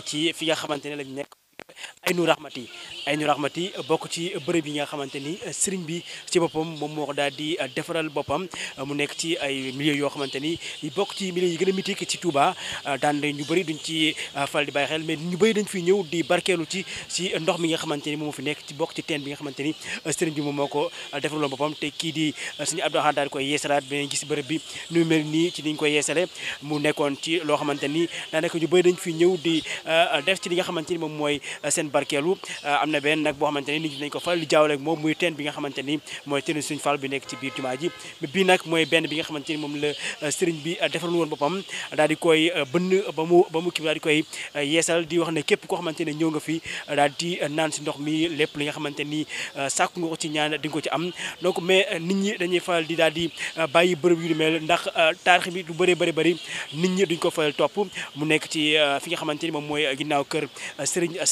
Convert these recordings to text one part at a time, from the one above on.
ci fi nga xamante ne lañ nekk ay nu raxmati Rahmati bokk ci bërëb yi nga xamante ni euh, sëriñ bi ci boppam moom moo ko daal di euh, defaral boppam euh, mu nekk ci ay milieu yoo xamante ni bokk ci milieu yi gën a mythique ci Touba daan ñu bëri duñ ci fal di xel mais ñu bëri dañ fi ñëw di barkeelu ci ci ndox mi nga xamante ni moom fi nekk ci bokk ci teen bi nga xamante ni sëriñ bi moom ko defaraloon boppam te kii di suñu Abdou Ahad daal koy yeesalaat beneen gis bërëb bi nu mel nii ci niñ koy yeesale mu nekkoon ci loo xamante ni daanaka ñu bëri dañ fi ñëw di def ci li nga xamante ni moom mooy Euh, seen barkeelu euh, am na benn nag boo xamante ni nit ni mooy teenu suñ fal bi nekk ci biir jumaa ji bii nag mooy benn bi nga xamante ni moom la euh, sëriñ bi defaral woon boppam daal koy bënn ba mu ba mu kii daal di koy yeesal di wax na képp koo xamante ne ñëw nga fi daal di naan si ndox mi lépp li nga xamante ni sàkku nga ko ci ñaan di ko ci am donc mais nit ñi dañuy faral di daal di bàyyi bërëb yu mel ndax taarix bi du bëree bëri bëri nit ñi duñ ko faral topp mu nekk ci fi nga xamante ni moom mooy ginnaaw kër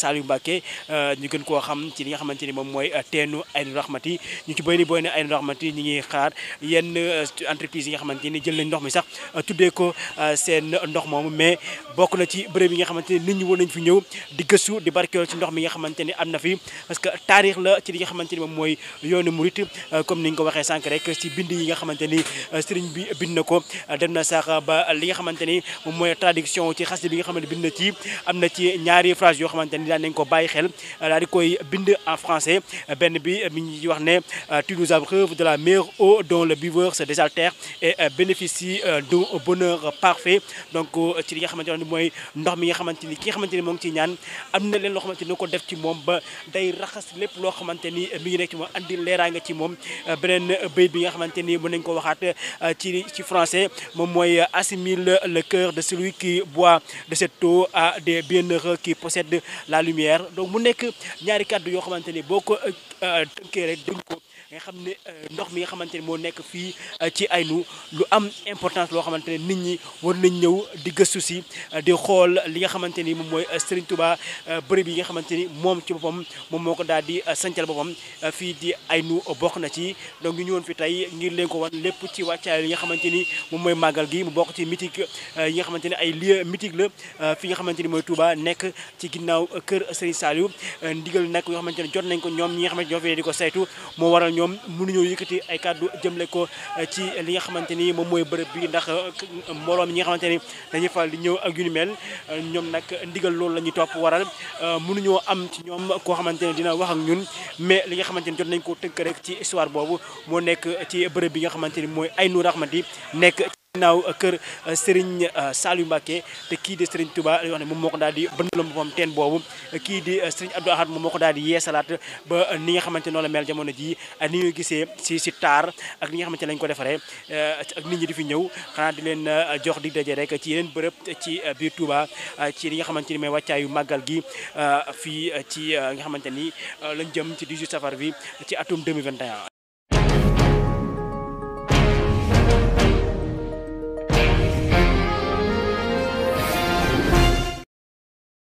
Saliou Mbacké euh, ñu gën koo xam ci li nga xamante ni moom mooy euh, teenu Aynu Rahmati ñu ci bëri euh, ni jël nañ ndox mi sax tuddee mi nga xamante ni am na fi parce que ni moom mooy yoonu murit comme ni nga ko waxee sànq rek ci bi bind na ba li nga xamante ni moom mooy traduction ci bi nga xamante ni bind na ci am na ci ñaari phrase yoo xamante daal nañ ko bàyyi xel daal di koy bind en français benn bi mi ngi wax ne tu nous abreuves de la meilleure eau dont le buveur se désaltère et euh, bénéficie euh, d'un bonheur parfait donc euh, ci li nga xamante ne mooy ndox mi nga xamante ni ki nga xamante ni moo ci ciy ñaan am na leen loo xamante ni ko def ci moom ba day raxas lépp loo xamante ni mi ngi nekk ci moom andi leeraanga ci moom beneen béy bi nga xamante ni mën nañ ko waxaat ci ci français moom mooy assimile le cœur de celui qui boit de cette eau à des bienheureux qui possèdent la lumière donc mu nekk ñaari kàddu yoo xamante ni boo ko euh, tënkee rek nga xam ne euh, ndox mi nga xamante ne moo nekk fii euh, ci ay Aynu lu am importance loo xamante ne nit ñi war nañ ñëw di gëstu si euh, di xool li nga xamante ni moom mooy Serigne Touba bërëb yi nga xamante ni moom ci boppam moom moo ko daal di sancal boppam fii di Aynu bokk na ci donc ñu ñëwoon fi tey ngir leen ko wan lépp ci wàccaay li nga xamante ni moom mooy màggal gi mu bokk ci mythique yi nga xamante ne ay lieu mythique la fi nga xamante ni mooy tubaa nekk ci ginnaaw kër Serigne Saliou ndigal nag yoo xamante ne jot nañ ko ñoom ñi nga xamante ñoo fi di ko saytu moo waral ñoom mun ñoom mënuñoo yëkkati ay kàddu jëmle ko eh, ci li nga xamante ni moom mooy bërëb bi ndax eh, mbooloom ñi nga xamante ni dañuy faral di ñëw ak yu ni mel eh, ñoom nag ndigal loolu la ñuy topp waral mënuñoo am ci ñoom koo xamante ne dina wax ak ñun mais li nga xamante ni jot nañ ko tënk rek ci histoire boobu moo nekk ci bërëb bi nga xamante ni mooy Aynu Rahmati nekk ginnaaw kër euh, Serigne euh, Saliou Mbacké te kii di Serigne Touba wax moom ko daal di bëndaloon teen boobu kii di euh, Serigne Abdou Ahad ko daal di yeesalaat ba ni nga xamante noonu la mel jamono jii ni ñu gisee si si taar ak ni nga xamante lañ ko defaree ak nit ñi di fi ñëw xanaa di leen jox di daje rek ci yeneen bërëb ci biir Touba ci li nga xamante ni mooy wàccaayu màggal gi fii ci nga xamante ni lañ jëm ci 18 safar bi ci atum 2021